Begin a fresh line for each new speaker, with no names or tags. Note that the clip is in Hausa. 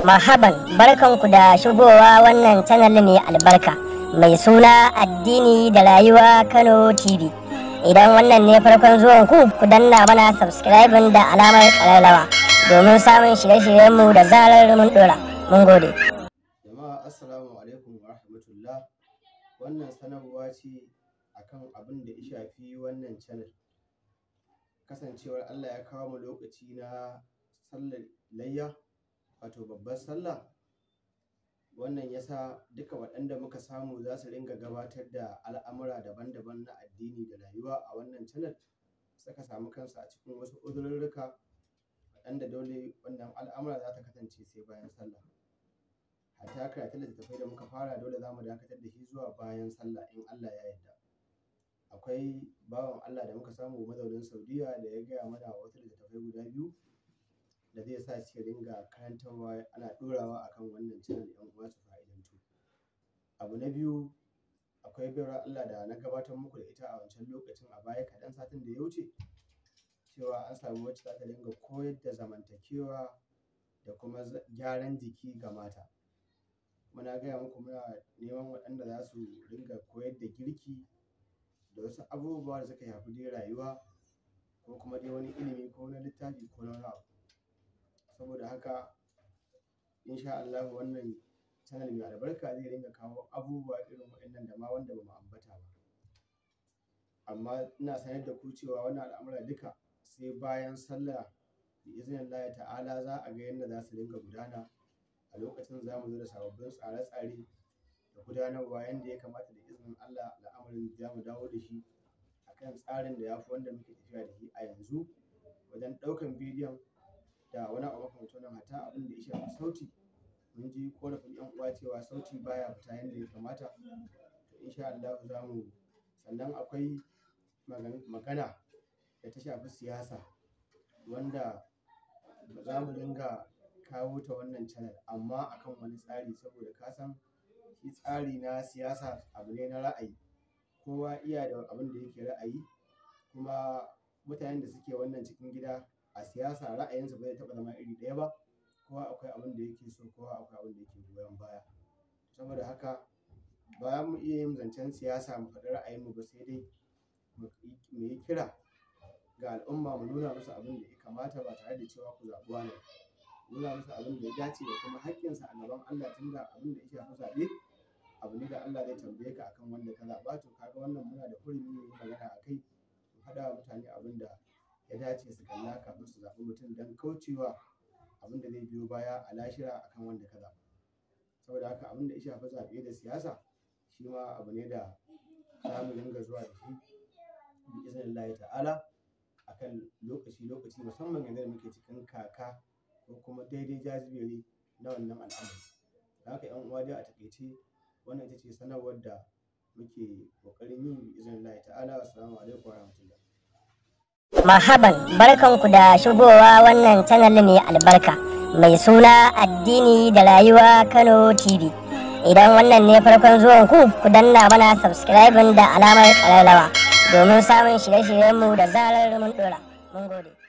Mahaban barkanku da shigowa wannan canal mai albarka mai suna addini da rayuwa Kano TV. Idan wannan ne farkon zuwan ku ku danna mana subscribe da alamar ƙararrawa domin samun shirye shiryen mu da zarar mun dora. Mun gode. Jama'a assalamu alaikum
wa rahmatullah. Wannan sanarwa ce akan abin da ya shafi wannan canal. Kasancewar Allah ya kawo mu lokaci na sallar layya wato babban sallah wannan ya sa duka waɗanda muka samu za su ringa gabatar da al'amura daban-daban na addini da rayuwa a wannan channel suka samu kansu a cikin wasu uzurrurruka waɗanda dole wannan al'amura za ta kasance sai bayan sallah hatta karatu littattafai da muka fara dole za mu dakatar da shi zuwa bayan sallah in Allah ya yarda akwai bawan Allah da muka samu mazaunin Saudiya da ya gaya mana wasu littattafai guda biyu da zai sa su ringa, karantarwa ana ɗorawa akan wannan channel 'yan uwa su fa'idantu abu na biyu akwai baiwar Allah da na gabatar muku da ita a wancan lokacin a baya kaɗan satin da ya wuce cewa an samu wacce za ta dinga koyar da zamantakewa da kuma gyaran jiki ga mata muna gaya muku muna neman waɗanda za su dinga koyar da girki da wasu abubuwa da suka shafi dai rayuwa ko kuma dai wani ilimi ko na littafi ko na wani abu saboda haka insha Allah wannan channel mai albarka zai ringa kawo abubuwa irin waɗannan da ma wanda ba mu ambata ba amma ina sanar da ku cewa wannan al'amura duka sai bayan sallah bi izinin Allah ta'ala za a ga yadda za su ringa gudana a lokacin za mu zo da sababbin tsare-tsare da gudanarwa yadda ya kamata da izinin Allah al'amarin za mu dawo da shi akan tsarin da ya fi wanda muke tafiya da shi a yanzu wajen ɗaukan bidiyon da wani abu makamacin wannan hata abin da ya shafi sauti mun ji korafin yan uwa cewa sauti baya fita yanda ya kamata to insha Allah za mu sannan akwai magana da ta shafi siyasa wanda za mu dinga kawo ta wannan channel amma akan wani tsari saboda ka san shi tsari na siyasa abu ne na ra'ayi kowa iya da abin da yake ra'ayi kuma mutanen da suke wannan cikin gida a siyasa ra'ayinsa ba zai taɓa zama iri ɗaya ba kowa akwai abin da yake so kowa akwai abin da yake goyon baya saboda haka ba mu iya yin zancen siyasa mu faɗi mu ba sai dai mu yi kira ga al'umma mu nuna musu abin da ya kamata ba tare da cewa ku zaɓi wani nuna musu abin da ya dace da kuma haƙƙinsa a gaban Allah tun da abin da ya shafi zaɓe abu ne da Allah zai tambaye ka akan wanda ka zaɓa to kaga wannan muna da hurumi ne magana akai dace su kalla kafin su zaɓi mutum don kaucewa abin da zai biyo baya a lashira kan wanda ka zaɓa saboda haka abin da ya shafi zaɓe da siyasa shi ma abu ne da za mu dinga zuwa da shi bi izinin ta'ala kan lokaci lokaci musamman yanzu da muke cikin kaka ko kuma daidai jazibiri na wannan al'amari da haka yan uwa dai a takaice wannan ita ce sanarwar da muke kokarin yi bi izinin ta'ala
assalamu alaikum wa Mahaban barkanku da shigowa wannan canal mai albarka mai suna addini da rayuwa Kano TV. Idan wannan ne farkon zuwan ku ku danna mana subscribing da alamar ƙararrawa domin samun shirye-shiryenmu da zarar mun dora. Mun gode.